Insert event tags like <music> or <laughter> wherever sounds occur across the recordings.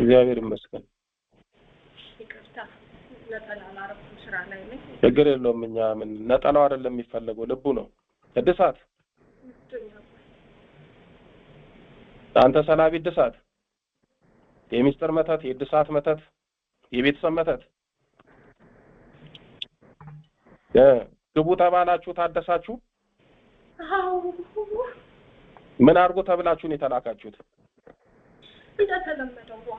እግዚአብሔር ይመስገን። ችግር የለውም። እኛ ምን ነጠላው አይደለም የሚፈለገው ልቡ ነው እድሳት። አንተ ሰላቢ እድሳት፣ የሚስጥር መተት፣ የእድሳት መተት፣ የቤተሰብ መተት ግቡ ተባላችሁ ታደሳችሁ። ምን አድርጎ ተብላችሁን የተላካችሁት? እንደተለመደው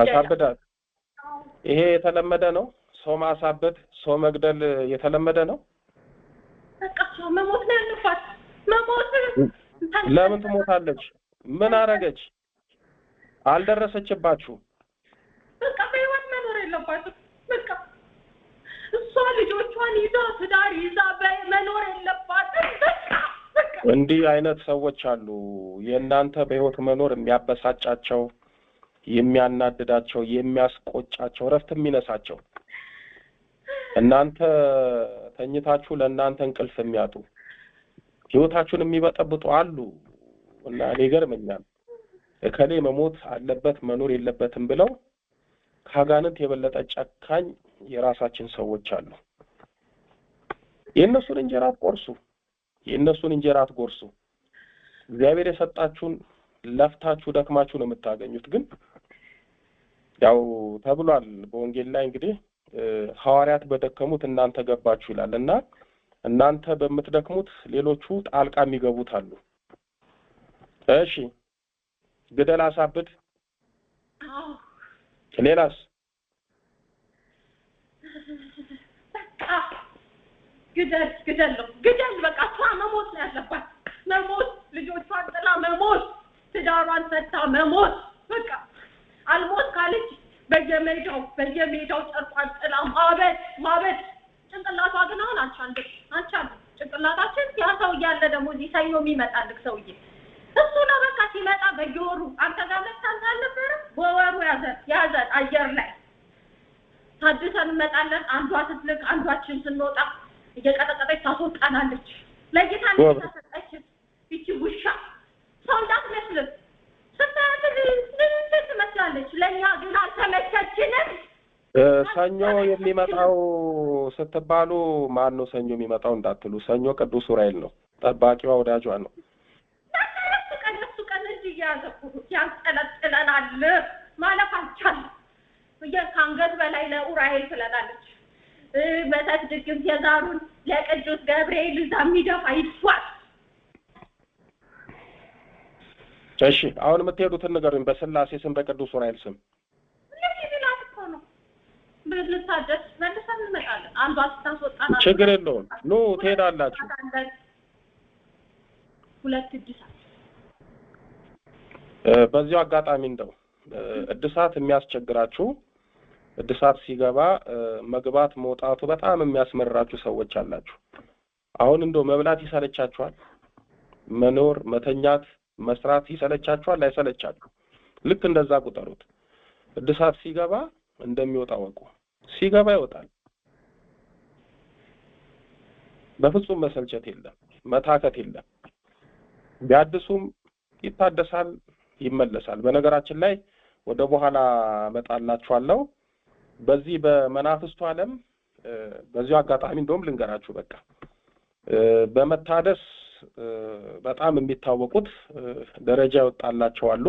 አሳብዳት ይሄ የተለመደ ነው። ሰው ማሳበድ፣ ሰው መግደል የተለመደ ነው። በቃ ሰው መሞት ነው ያለፋት። መሞት ለምን ትሞታለች? ምን አረገች? አልደረሰችባችሁም። በቃ በህይወት መኖር የለባትም። በቃ እሷ ልጆቿን ይዛ ትዳር ይዛ መኖር የለባትም። እንዲህ አይነት ሰዎች አሉ። የእናንተ በህይወት መኖር የሚያበሳጫቸው፣ የሚያናድዳቸው፣ የሚያስቆጫቸው፣ እረፍት የሚነሳቸው እናንተ ተኝታችሁ ለእናንተ እንቅልፍ የሚያጡ ህይወታችሁን የሚበጠብጡ አሉ እና እኔ ይገርመኛል እከሌ መሞት አለበት መኖር የለበትም ብለው ከአጋንንት የበለጠ ጨካኝ የራሳችን ሰዎች አሉ። የእነሱን እንጀራ ቆርሱ። የእነሱን እንጀራ አትጎርሱ። እግዚአብሔር የሰጣችሁን ለፍታችሁ ደክማችሁ ነው የምታገኙት። ግን ያው ተብሏል በወንጌል ላይ እንግዲህ ሐዋርያት በደከሙት እናንተ ገባችሁ ይላል እና እናንተ በምትደክሙት ሌሎቹ ጣልቃ የሚገቡት አሉ። እሺ ግደል፣ አሳብድ፣ ሌላስ ግደል ግደል ግደል። በቃ እሷ መሞት ነው ያለባት፣ መሞት ልጆቿን ጥላ መሞት፣ ትዳሯን ፈታ መሞት። በቃ አልሞት ካለች በየሜዳው በየሜዳው ጨርቋን ጥላ ማበድ ማበድ። ጭንቅላቷ ግን አሁን አልቻልም አልቻልም። ጭንቅላታችን ያ ሰው እያለ ደግሞ እዚህ ሰኞ የሚመጣልህ ሰውዬ እሱ ነው በቃ ሲመጣ በየወሩ አንተ ጋር መታል አልነበረ በወሩ ያዘን ያዘን አየር ላይ ታድሰን እንመጣለን። አንዷ ስትልቅ አንዷችን ስንወጣ እየቀጠቀጠች ታስወጣናለች። ለጌታ እንደታሰጠችን ይቺ ውሻ ሰው እንዳትመስልም ስታያት ልንትን ትመስላለች። ለእኛ ግን አልተመቸችንም። ሰኞ የሚመጣው ስትባሉ ማን ነው ሰኞ የሚመጣው እንዳትሉ፣ ሰኞ ቅዱስ ዑራኤል ነው። ጠባቂዋ ወዳጇ ነው። በአራት ቀን እሱ ቀን እንጂ እየያዘ ያንጠለጥለናል። ማለፍ አልቻልም። ከአንገት በላይ ለዑራኤል ትለናለች። መተት ድግምት የዛሩን ለቅዱስ ገብርኤል እዛ የሚደፋ ይድፏል። እሺ አሁን የምትሄዱትን ንገሩኝ፣ በስላሴ ስም በቅዱስ ዑራኤል ስም። ችግር የለውም ኑ ትሄዳላችሁ። በዚሁ አጋጣሚ እንደው እድሳት የሚያስቸግራችሁ እድሳት ሲገባ መግባት መውጣቱ በጣም የሚያስመራችሁ ሰዎች አላችሁ። አሁን እንደው መብላት ይሰለቻችኋል፣ መኖር፣ መተኛት፣ መስራት ይሰለቻችኋል። አይሰለቻችሁ። ልክ እንደዛ ቁጠሩት። እድሳት ሲገባ እንደሚወጣ ወቁ። ሲገባ ይወጣል። በፍጹም መሰልቸት የለም፣ መታከት የለም። ቢያድሱም ይታደሳል፣ ይመለሳል። በነገራችን ላይ ወደ በኋላ መጣላችኋለው። በዚህ በመናፍስቱ ዓለም በዚሁ አጋጣሚ እንደውም ልንገራችሁ በቃ በመታደስ በጣም የሚታወቁት ደረጃ ይወጣላቸው አሉ።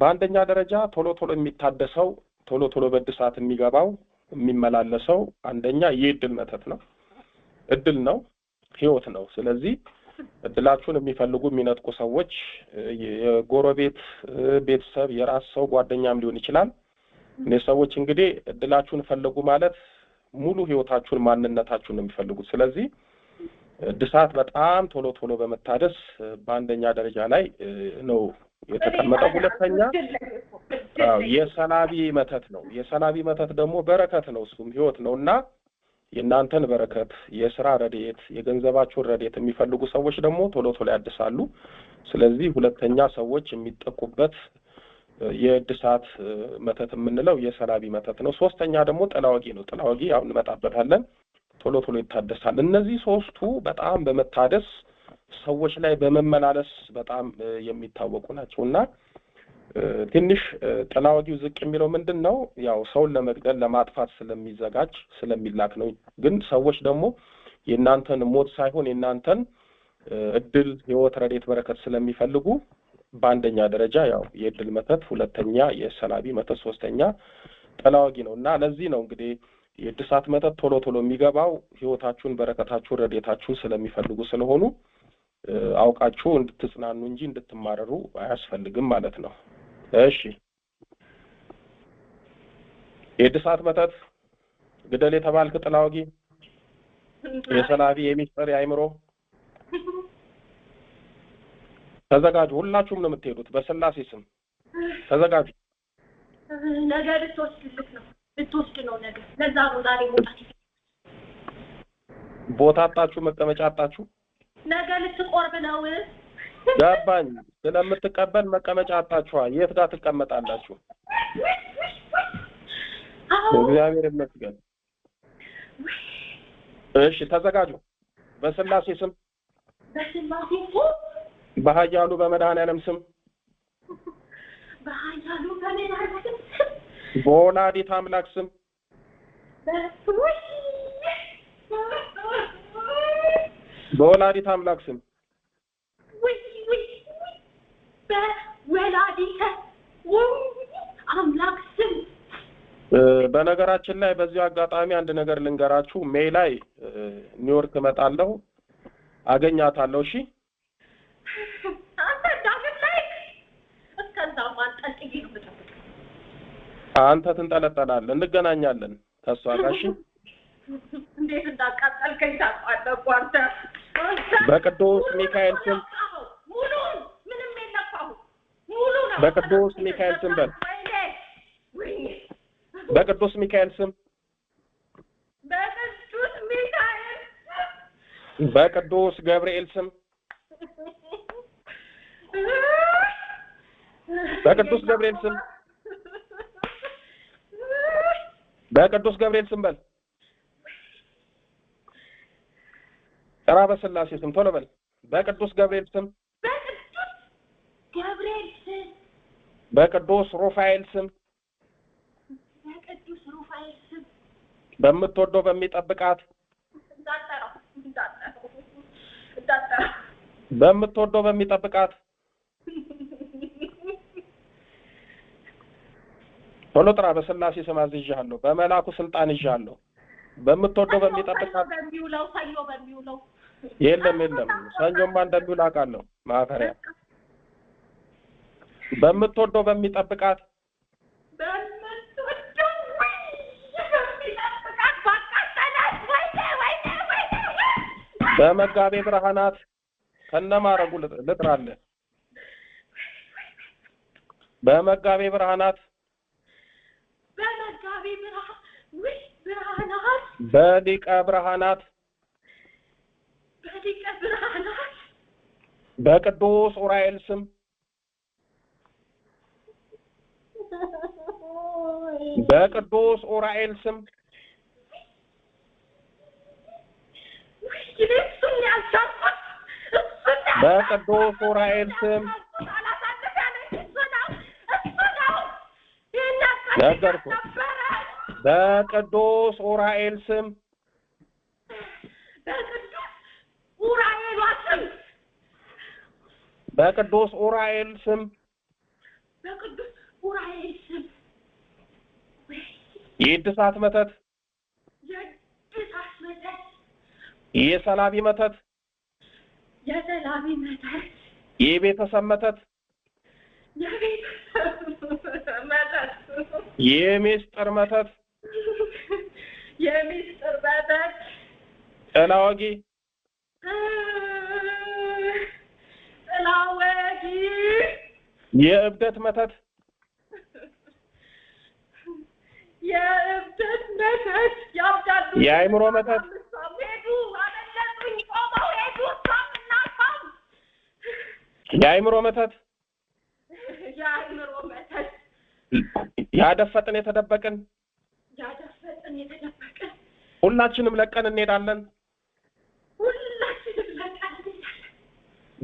በአንደኛ ደረጃ ቶሎ ቶሎ የሚታደሰው ቶሎ ቶሎ በእድሳት የሚገባው የሚመላለሰው አንደኛ ይህ እድል መተት ነው፣ እድል ነው፣ ህይወት ነው። ስለዚህ እድላችሁን የሚፈልጉ የሚነጥቁ ሰዎች የጎረቤት ቤተሰብ፣ የራስ ሰው ጓደኛም ሊሆን ይችላል እኔ ሰዎች እንግዲህ እድላችሁን ፈልጉ ማለት ሙሉ ህይወታችሁን ማንነታችሁን ነው የሚፈልጉት። ስለዚህ እድሳት በጣም ቶሎ ቶሎ በመታደስ በአንደኛ ደረጃ ላይ ነው የተቀመጠው። ሁለተኛ የሰላቢ መተት ነው። የሰላቢ መተት ደግሞ በረከት ነው፣ እሱም ህይወት ነው እና የእናንተን በረከት፣ የስራ ረድኤት፣ የገንዘባችሁን ረድኤት የሚፈልጉ ሰዎች ደግሞ ቶሎ ቶሎ ያድሳሉ። ስለዚህ ሁለተኛ ሰዎች የሚጠቁበት የእድሳት መተት የምንለው የሰላቢ መተት ነው። ሶስተኛ ደግሞ ጥላወጊ ነው። ጥላወጊ ያው እንመጣበታለን። ቶሎ ቶሎ ይታደሳል። እነዚህ ሶስቱ በጣም በመታደስ ሰዎች ላይ በመመላለስ በጣም የሚታወቁ ናቸው እና ትንሽ ጥላወጊው ዝቅ የሚለው ምንድን ነው? ያው ሰውን ለመግደል ለማጥፋት ስለሚዘጋጅ ስለሚላክ ነው። ግን ሰዎች ደግሞ የእናንተን ሞት ሳይሆን የእናንተን እድል፣ ህይወት፣ ረዴት፣ በረከት ስለሚፈልጉ በአንደኛ ደረጃ ያው የድል መተት፣ ሁለተኛ የሰላቢ መተት፣ ሶስተኛ ጠላዋጊ ነው እና ለዚህ ነው እንግዲህ የእድሳት መተት ቶሎ ቶሎ የሚገባው ህይወታችሁን፣ በረከታችሁን፣ ረዴታችሁን ስለሚፈልጉ ስለሆኑ አውቃችሁ እንድትጽናኑ እንጂ እንድትማረሩ አያስፈልግም ማለት ነው። እሺ የእድሳት መተት ግደል የተባልክ ጥላ የሰላቢ የሚስጥር የአይምሮ ተዘጋጁ። ሁላችሁም ነው የምትሄዱት። በስላሴ ስም ተዘጋጁ። ነገ ልትወስድልክ ነው ልትወስድ ነው ነገ። ለዛ ነው ዛሬ መውጣት። ቦታ አጣችሁ፣ መቀመጫ አጣችሁ። ነገ ልትቆርብ ነው። ገባኝ። ስለምትቀበል መቀመጫ አጣችኋል። የት ጋር ትቀመጣላችሁ? እግዚአብሔር ይመስገን። እሺ ተዘጋጁ። በስላሴ ስም በስላሴ ስም በሀያሉ በመድኃኔዓለም ስም በሀያሉ በመድኃኔዓለም ስም በወላዲት አምላክ ስም በወላዲት አምላክ ስም በወላዲተ አምላክ ስም በነገራችን ላይ በዚህ አጋጣሚ አንድ ነገር ልንገራችሁ። ሜይ ላይ ኒውዮርክ እመጣለሁ፣ አገኛታለሁ። እሺ አንተ ትንጠለጠላለህ። እንገናኛለን ከእሷ ጋር እሺ። እንዴት እንዳቃጠልከኝ ታውቃለህ አንተ። በቅዱስ ሚካኤል ስም ሙሉን ምንም የለፋሁም። ሙሉ ነው። በቅዱስ ሚካኤል ስም በል። በቅዱስ ሚካኤል ስም በቅዱስ ሚካኤል በቅዱስ ገብርኤል ስም በቅዱስ ገብርኤል ስም በቅዱስ ገብርኤል ስም በል ጥራ፣ በስላሴ ስም ቶሎ በል። በቅዱስ ገብርኤል ስም ገብርኤል ስም በቅዱስ ሩፋኤል ስም በቅዱስ ሩፋኤል ስም በምትወደው በሚጠብቃት በምትወደው በሚጠብቃት ቶሎ ጥራ። በስላሴ ስም አዝዣለሁ፣ በመላኩ ስልጣን ይዣለሁ። በምትወደው በሚጠብቃት በሚውለው ሰኞ በሚውለው የለም የለም፣ ሰኞማ እንደሚውል አውቃለሁ። ማፈሪያ በምትወደው በሚጠብቃት በመጋቤ ብርሃናት ከነማረጉ ልጥራለህ። በመጋቤ ብርሃናት በሊቀ ብርሃናት በሊቀ ብርሃናት በቅዱስ ዑራኤል ስም በቅዱስ ዑራኤል ስም በቅዱስ ዑራኤል ስም ነገርኩ በቅዱስ ኡራኤል ስም በቅዱስ ኡራኤል ስም በቅዱስ የእድሳት መተት የሰላቢ መተት የሰላቢ መተት የቤተሰብ መተት የቤተሰብ መተት የሚስጥር መተት የሚስጥር በታች ጥላ ወጊ ጥላ ወጊ የእብደት መተት የእብደት መተት ያብዳሉ የአእምሮ መተት የአይምሮ መተት የአእምሮ መተት ያደፈጥን የተደበቅን ያደፈጥን የተደበቅን ሁላችንም ለቀን እንሄዳለን።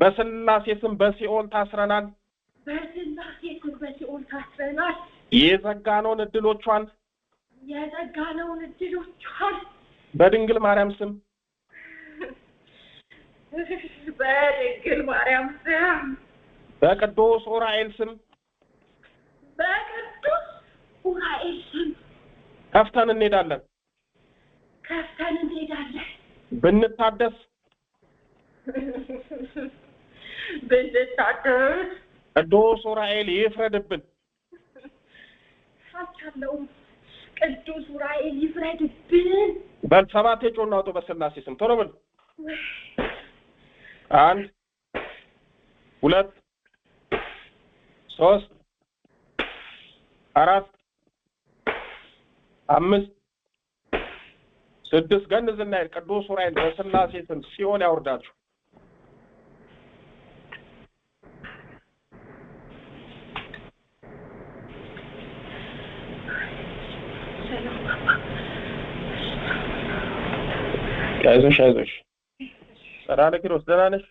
በስላሴ ስም በሲኦል ታስረናል። በስላሴ ስም በሲኦል ታስረናል። የዘጋነውን እድሎቿን የዘጋነውን እድሎቿን በድንግል ማርያም ስም <laughs> በድንግል ማርያም ስም በቅዱስ ኡራኤል ስም በቅዱስ ኡራኤል ስም ከፍተን እንሄዳለን። ከፍተን እንሄዳለን። ብንታደስ ብንታደስ ቅዱስ ኡራኤል ይፍረድብን። አታለውም ቅዱስ ኡራኤል ይፍረድብን። በል ሰባት የጮና አውጡ በስላሴ ስም ቶሎ በል። አንድ ሁለት ሶስት አራት አምስት ስድስት ገንዝ እናይል ቅዱስ ዑራኤል በስላሴ ስም ሲሆን ያወርዳችሁ። አይዞሽ አይዞሽ። ጸዳለ ኪሮስ ደህና ነሽ?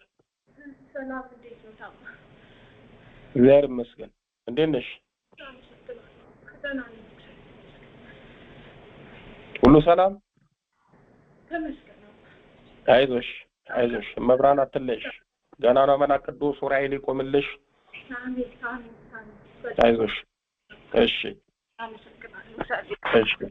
እግዚአብሔር ይመስገን። እንዴት ነሽ? ሁሉ ሰላም አይዞሽ አይዞሽ፣ መብራን አትለሽ። ገና ነው መልአክ ቅዱስ ኡራኤል ይቆምልሽ። አይዞሽ። እሺ፣ እሺ።